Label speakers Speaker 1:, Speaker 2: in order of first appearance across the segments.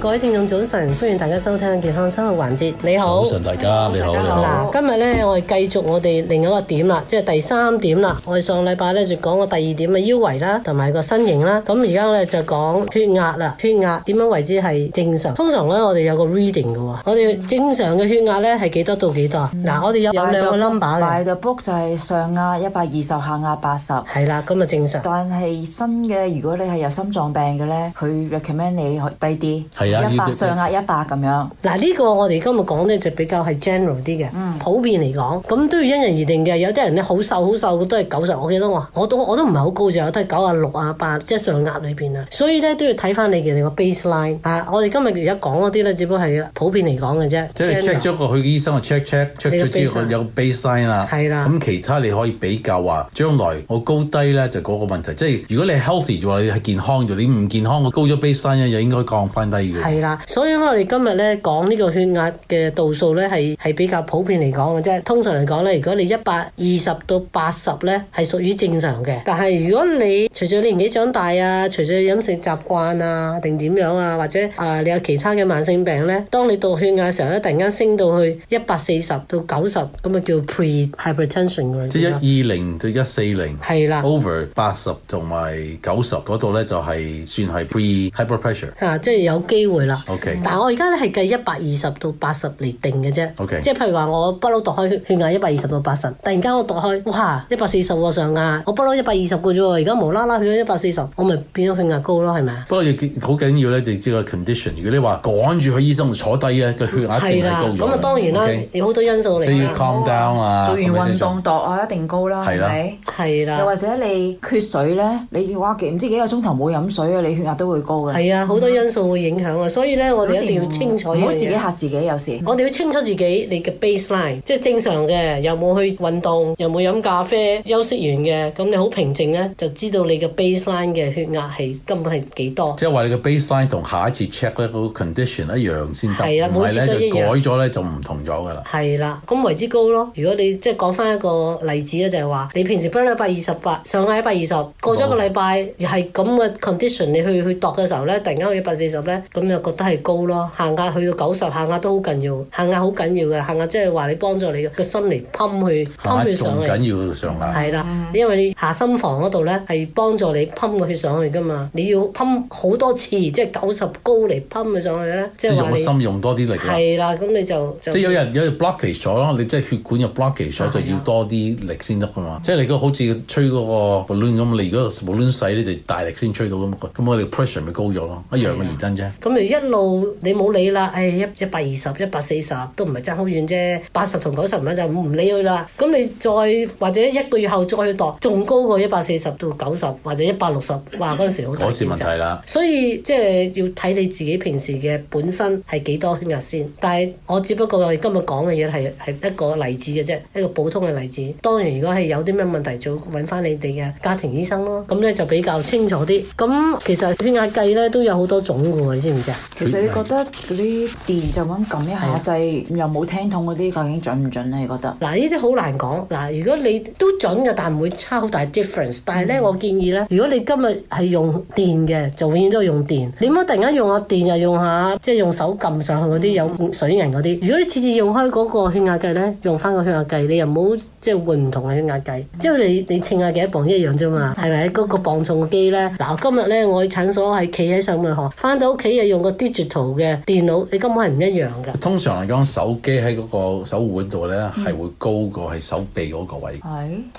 Speaker 1: 各位聽眾早晨，歡迎大家收聽健康生活環節。你好，早晨大家，你好，你好。你好，今日咧我哋繼續我哋另一個點啦，即係第三點啦。我哋上禮拜咧就講過第二點嘅腰圍啦，同埋個身形啦。咁而家咧就講血壓啦。血壓點樣為之係正常？通常咧我哋有個 reading 嘅。我哋正常嘅血壓咧係幾多到幾多？嗱、嗯，我哋有有兩個 number 嘅。埋就 book 就係上壓一百二十，下壓八十。係啦，咁啊正常。但係新嘅，如果你係有心臟病嘅咧，佢 recommend 你低啲。一百 100, 100, 上壓一百咁樣，嗱呢、呢個我哋今日講咧就比較係 general 啲嘅，嗯、普遍嚟講，咁都要因人而定嘅。有啲人咧好瘦好瘦，都係九十。我記得我我都我都唔係好高，咋，我都係九啊六啊八，即係上壓裏面啊。所以咧都要睇翻你嘅你個 baseline 啊。我哋今日而家講嗰啲咧，只不過係普遍嚟講嘅啫。即係 check
Speaker 2: 咗個佢嘅醫生，嗯、check check check 咗的 check, 之後有 baseline 啦，係啦的。咁其他你可以比較啊，將來我高低咧就嗰個問題。即係如果你 healthy，你係健康嘅，你唔健，健康，我高咗 baseline 咧又應該降翻低嘅。係
Speaker 1: 啦，所以我哋今日咧講呢講個血壓嘅度數咧，係係比較普遍嚟講嘅啫。通常嚟講咧，如果你一百二十到八十咧，係屬於正常嘅。但係如果你隨住你年紀長大啊，隨住飲食習慣啊，定點樣啊，或者啊你有其他嘅慢性病咧，當你度血壓嘅時候咧，突然間升到去一百四十到九十，咁啊叫 pre hypertension 嘅。即係
Speaker 2: 一二零到一四零。係啦。Over 八十同埋九十嗰度咧，就係算係 pre hyperpressure
Speaker 1: 吓，即係有機。會啦，Okay. 但係我計而家咧係計一百二十到八十嚟定嘅啫，即係 Okay. 譬如話我不嬲度開血壓一百二十到八十，突然間我度開，哇一百四十喎上壓，我不嬲一百二十個啫，而家無啦啦去咗一百四十，我咪變咗血壓高咯，係咪啊？
Speaker 2: 不過要好緊要咧，就即係個 condition。如果你話趕住去醫生度坐低咧，個血壓一定係高咗。咁啊，的當然啦，Okay. 有好多因素嚟啦。即係 calm down 啊，做完運動度啊，我
Speaker 1: 度一定高啦，係咪？係啦，又或者你缺水咧，你哇幾唔知道幾個鐘頭冇飲水啊，你血壓都會高嘅。係啊，好多因素會影響。所以咧，我哋一定要清楚，唔好自己嚇自己。有時我哋要清楚自己你嘅 baseline，、嗯、即係正常嘅，又冇去運動，又冇飲咖啡，休息完嘅，咁你好平靜咧，就知道你嘅 baseline 嘅血壓係根本係幾多。
Speaker 2: 即係話你嘅 baseline 同下一次 check 呢、嗰個 condition 一樣先得，唔係咧就改咗咧就唔同咗噶啦。
Speaker 1: 係啦、啊，咁為之高咯。如果你即係講翻一個例子咧，就係話你平時不嬲一百二十八，上下一百二十，過咗個禮拜又係咁嘅 condition，你去去度嘅時候咧，突然間去一百四十咧，咁。又覺得係高咯，下壓去到九十，下壓都好緊要，下壓好緊要嘅，下壓即係話你幫助你個心嚟拫去拫去上嚟。緊
Speaker 2: 要嘅上壓係啦，
Speaker 1: 的嗯、因為你下心房嗰度咧係幫助你拫個血上去㗎嘛，你要拫好多次，即係九十高嚟拫佢上去咧，即、就、係、是、用個心
Speaker 2: 用多啲力。係
Speaker 1: 啦，咁你就，就即係有
Speaker 2: 人有隻 block 嚟咗咯，你即係血管有 block 嚟咗就要多啲力先得㗎嘛，的即係你如好似吹嗰個布暖咁，你如果冇暖細咧就大力先吹到咁，咁我哋 pressure 咪高咗咯，的一樣嘅原因啫。
Speaker 1: 一路你冇理啦，誒一一百二十、一百四十都唔係爭好遠啫，八十同九十咪就唔理佢啦。咁你再或者一個月後再去度，仲高過一百四十到九十或者一百六十，話嗰陣時好大問題啦，所以即係、就是、要睇你自己平時嘅本身係幾多血壓先。但係我只不過今日講嘅嘢係係一個例子嘅啫，一個普通嘅例子。當然如果係有啲咩問題，就搵翻你哋嘅家庭醫生咯。咁呢就比較清楚啲。咁其實血壓計呢都有好多種噶喎，你知唔知？其實你覺得嗰啲電就咁撳一下掣、啊、又冇聽筒嗰啲，究竟準唔準咧？你覺得嗱，呢啲好難講。嗱，如果你都準嘅，但唔會差好大 difference。但係咧，嗯、我建議咧，如果你今日係用電嘅，就永遠都係用電。你唔好突然間用下電又用下，即係用手撳上去嗰啲、嗯、有水銀嗰啲。如果你次次用開嗰個血壓計咧，用翻個血壓計，你又唔好即係換唔同嘅血壓計。嗯、即係你你稱下幾多磅一樣啫嘛，係咪嗰個磅重嘅機咧？嗱，今日咧，我去診所係企喺上邊學，翻到屋企用個 digital 嘅電腦，你根本係唔一樣
Speaker 2: 嘅。通常嚟講，手機喺嗰個手腕度咧，係會高過係手臂嗰個位。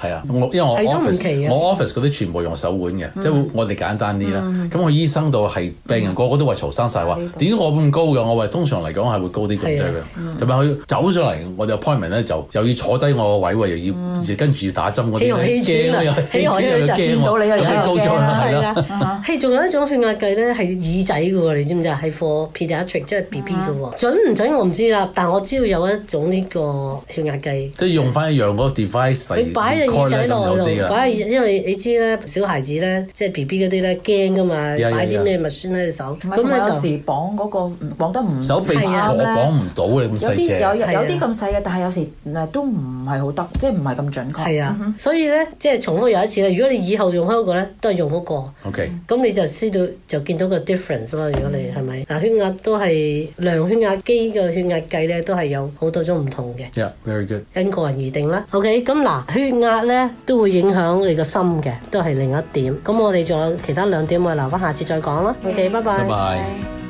Speaker 2: 係啊，因為我 office 我 office 嗰啲全部用手腕嘅，即係我哋簡單啲啦。咁我醫生度係病人個個都話嘈生晒話，點解我咁高嘅？我話通常嚟講係會高啲咁多嘅，同埋佢走上嚟，我哋 appointment 就又要坐低我個位又要跟住要打針嗰啲驚啊，氣喘又驚啊，氣喘又驚啊。係啊，係仲有一種血壓
Speaker 1: 計咧，係耳仔嘅喎，你知唔？就係貨 pediatric 即係 B B 嘅喎，準唔準我唔知啦，但我知道有一種呢個血壓計，即係
Speaker 2: 用翻一樣嗰個 device。你擺隻耳仔落喎，擺，
Speaker 1: 因為你知咧，小孩子咧，即係 B B 嗰啲咧驚嘅嘛，擺啲咩物酸喺隻手。咁就時綁嗰個
Speaker 2: 綁得唔手臂，我綁唔到你有啲有啲咁
Speaker 1: 細嘅，但係有時都唔係好得，即係唔係咁準確。係啊，所以咧即係重複有一次啦。如果你以後用開嗰個咧，都係用嗰個。OK，咁你就知道就見到個 difference 啦。如果你係咪？嗱，血壓都係量血壓機嘅血壓計咧，都係有好多種唔同嘅。
Speaker 2: Yeah,
Speaker 1: very good。因個人而定啦。OK，咁嗱，血壓咧都會影響你個心嘅，都係另一點。咁我哋仲有其他兩點，我哋留返下次再講啦。OK，拜拜。拜拜。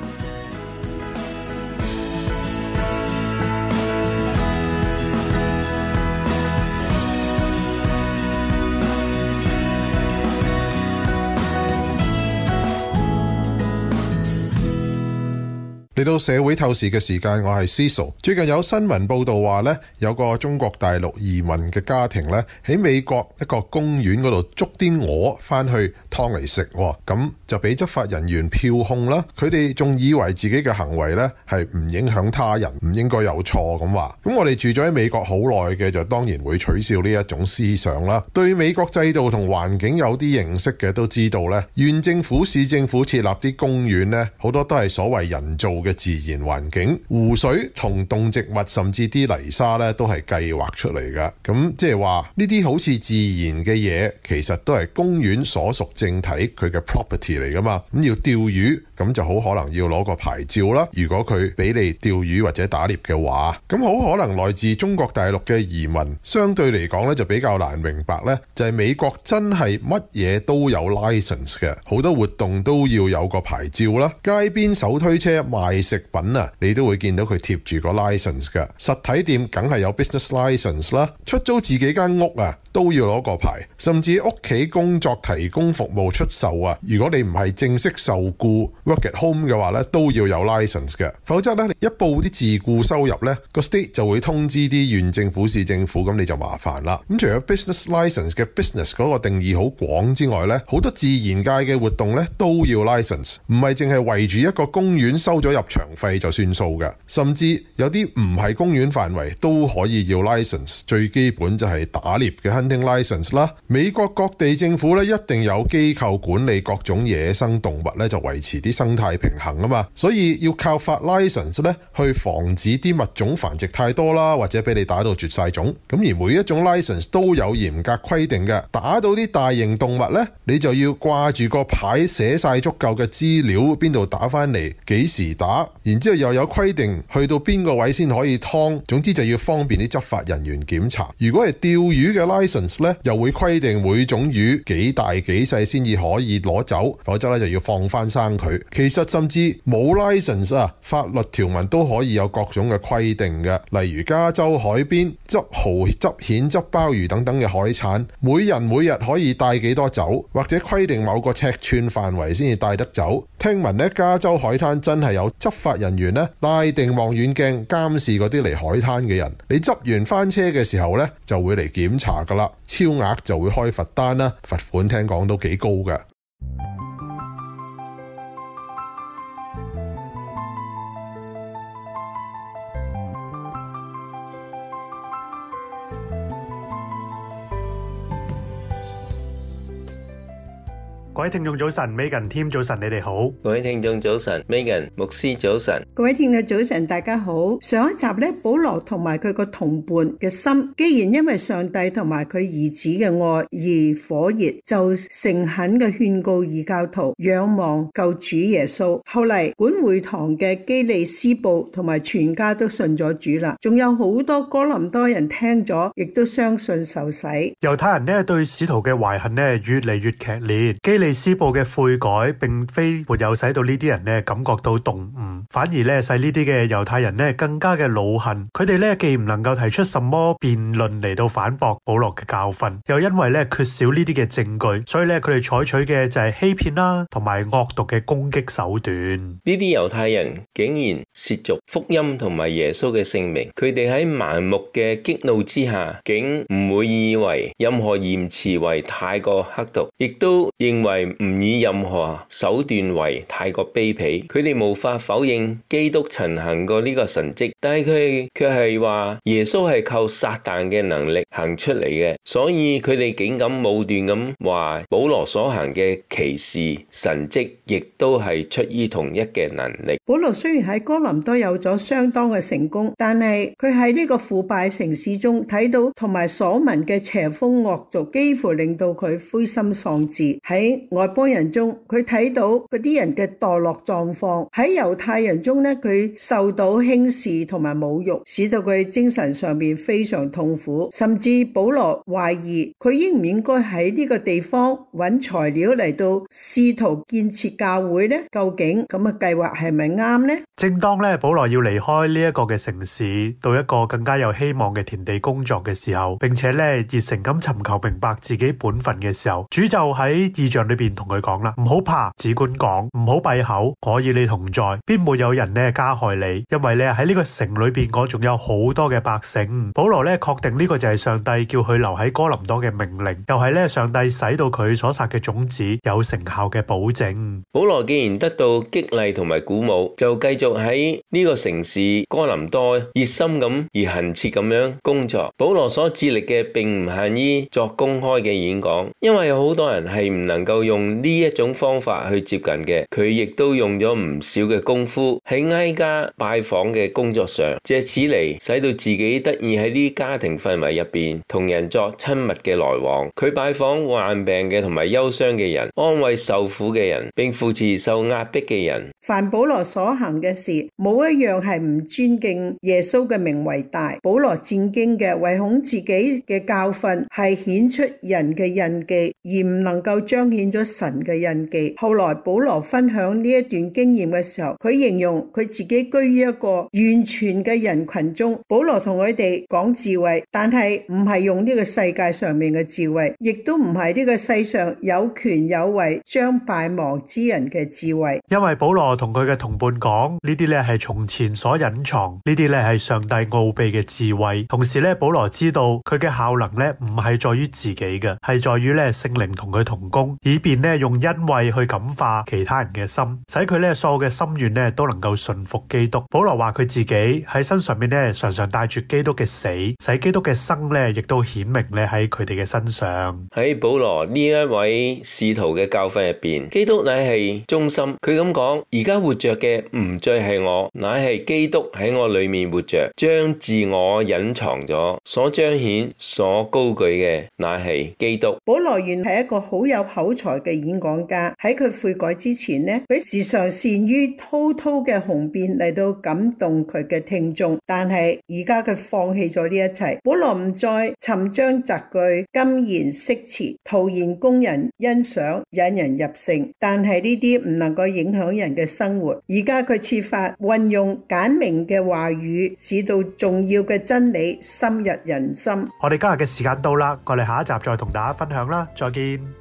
Speaker 3: 嚟到社會透視嘅時間，我係 Cecil。最近有新聞報道話呢，有個中國大陸移民嘅家庭呢，喺美國一個公園嗰度捉啲鵝翻去劏嚟食，咁、哦、就俾執法人員票控啦。佢哋仲以為自己嘅行為呢係唔影響他人，唔應該有錯咁話。咁、嗯、我哋住咗喺美國好耐嘅，就當然會取笑呢一種思想啦。對美國制度同環境有啲認識嘅都知道呢，縣政府、市政府設立啲公園呢，好多都係所謂人造嘅。自然環境、湖水、同動植物甚至啲泥沙咧，都係計劃出嚟㗎。咁即係話呢啲好似自然嘅嘢，其實都係公園所屬正體佢嘅 property 嚟噶嘛。咁要釣魚，咁就好可能要攞個牌照啦。如果佢俾你釣魚或者打獵嘅話，咁好可能來自中國大陸嘅移民，相對嚟講咧就比較難明白咧。就係、是、美國真係乜嘢都有 license 嘅，好多活動都要有個牌照啦。街邊手推車賣食品啊，你都會見到佢貼住個 license 㗎，實體店梗係有 business license 啦。出租自己間屋啊。都要攞個牌，甚至屋企工作提供服務出售啊！如果你唔係正式受雇 work at home 嘅話咧，都要有 license 嘅，否則咧一報啲自雇收入咧，個 state 就會通知啲縣政府、市政府，咁你就麻煩啦。咁除咗 business license 嘅 business 嗰個定義好廣之外咧，好多自然界嘅活動咧都要 license，唔係淨係圍住一個公園收咗入場費就算數嘅，甚至有啲唔係公園範圍都可以要 license，最基本就係打獵嘅。license 啦，美國各地政府咧一定有機構管理各種野生動物咧，就維持啲生態平衡啊嘛，所以要靠發 license 咧去防止啲物種繁殖太多啦，或者俾你打到絕晒種。咁而每一種 license 都有嚴格規定嘅，打到啲大型動物咧，你就要掛住個牌寫晒足夠嘅資料，邊度打翻嚟，幾時打，然之後又有規定去到邊個位先可以㓥。總之就要方便啲執法人員檢查。如果係釣魚嘅 license。咧，又會規定每種魚幾大幾細先至可以攞走，否則咧就要放翻生佢。其實甚至冇 license 啊，法律條文都可以有各種嘅規定嘅，例如加州海邊執蠔、執蜆、執鮑魚等等嘅海產，每人每日可以帶幾多走，或者規定某個尺寸範圍先至帶得走。聽聞咧加州海灘真係有執法人員咧，帶定望遠鏡監視嗰啲嚟海灘嘅人，你執完翻車嘅時候呢，就會嚟檢查噶啦。超額就會開罰單啦，罰款聽講都幾高
Speaker 4: 嘅。各位聽眾早晨，Megan Team 早晨，你哋好。
Speaker 5: 各位聽眾早晨，Megan 牧師早晨。
Speaker 6: 各位聽眾早晨，大家好。上一集呢，保羅同埋佢個同伴嘅心，既然因為上帝同埋佢兒子嘅愛而火熱，就誠懇嘅勸告異教徒仰望救主耶穌。後嚟管會堂嘅基利斯布同埋全家都信咗主啦，仲有好多哥林多人聽咗，亦都相信受洗。
Speaker 4: 猶太人呢對使徒嘅懷恨呢越嚟越劇烈，基利。施報嘅悔改，並非沒有使到呢啲人咧，感覺到動悟，反而咧使呢啲嘅猶太人咧更加嘅惱恨。佢哋咧既唔能夠提出什麼辯論嚟，到反駁保羅嘅教訓，又因為咧缺少呢啲嘅證據，所以咧佢哋採取嘅就係欺騙啦，同埋惡毒嘅攻擊手段。
Speaker 5: 呢啲猶太人竟然褻瀆福音同埋耶穌嘅聖名，佢哋喺盲目嘅激怒之下，竟唔會以為任何言辭為太過刻毒，亦都認為。唔以任何手段為太過卑鄙，佢哋無法否認基督曾行過呢個神迹，但係佢却係話耶穌係靠撒旦嘅能力行出嚟嘅，所以佢哋竟敢武斷咁話保羅所行嘅奇事神迹，亦都係出於同一嘅能力。保羅雖然喺
Speaker 6: 哥林都有咗相當嘅成功，但係佢喺呢個腐敗城市中睇到同埋所聞嘅邪風惡俗，幾乎令到佢灰心喪志喺。外邦人中，佢睇到嗰啲人嘅墮落狀況；喺猶太人中咧，佢受到輕視同埋侮辱，使到佢精神上面非常痛苦。甚至保羅懷疑佢應唔應該喺呢個地方揾材料嚟到試圖建設教會呢？究竟咁嘅計劃係咪啱呢？
Speaker 4: 正當咧保羅要離開呢一個嘅城市，到一個更加有希望嘅田地工作嘅時候，並且咧熱誠咁尋求明白自己本分嘅時候，主就喺異象裏邊同佢講啦：唔好怕，只管講，唔好閉口，我與你同在，必沒有人咧加害你，因為咧喺呢個城裏邊，我仲有好多嘅百姓。保羅咧確定呢個就係上帝叫佢留喺哥林多嘅命令，又係咧上帝使到佢所撒嘅種子有成效嘅保證。
Speaker 5: 保羅既然得到激勵同埋鼓舞，就繼續。喺呢個城市哥林多，熱心咁而勤切咁樣工作。保羅所致力嘅，並唔限於作公開嘅演講，因為有好多人係唔能夠用呢一種方法去接近嘅。佢亦都用咗唔少嘅功夫喺挨家拜訪嘅工作上，借此嚟，使到自己得以喺呢家庭氛圍入邊同人作親密嘅來往。佢拜訪患病嘅同埋憂傷嘅人，安慰受苦嘅人，並扶持受壓迫嘅人。
Speaker 6: 凡保羅所行嘅。冇一樣係唔尊敬耶穌嘅名為大。保羅戰經嘅，唯恐自己嘅教訓係顯出人嘅印記，而唔能夠彰顯咗神嘅印記。後來保羅分享呢一段經驗嘅時候，佢形容佢自己居於一個完全嘅人群中。保羅同佢哋講智慧，但係唔係用呢個世界上面嘅智慧，亦都唔係呢個世上有權有位將敗亡之人嘅智慧，
Speaker 4: 因為保羅同佢嘅同伴講。呢啲咧係從前所隱藏，呢啲咧係上帝奧秘嘅智慧。同時咧，保羅知道佢嘅效能咧唔係在於自己嘅，係在於咧聖靈同佢同工，以便咧用恩惠去感化其他人嘅心，使佢咧所有嘅心願咧都能夠順服基督。保羅話佢自己喺身上面咧，常常帶住基督嘅死，使基督嘅生咧亦都顯明咧喺佢哋嘅身上。
Speaker 5: 喺保羅呢一位使徒嘅教訓入邊，基督乃係中心。佢咁講，而家活着嘅唔著。佢係我，乃係基督喺我裏面活着，將自我隱藏咗，所彰顯、所高舉嘅，乃係基督。
Speaker 6: 保羅原係一個好有口才嘅演講家，喺佢悔改之前呢，佢時常善於滔滔嘅雄辯嚟到感動佢嘅聽眾。但係而家佢放棄咗呢一切，保羅唔再尋章摘句、金言色詞、徒然工人欣賞、引人入勝。但係呢啲唔能夠影響人嘅生活。而家佢徹。法運用簡明嘅話語，使到重要嘅真理深入人心。
Speaker 4: 我哋今日嘅時間到啦，我哋下一集再同大家分享啦，再見。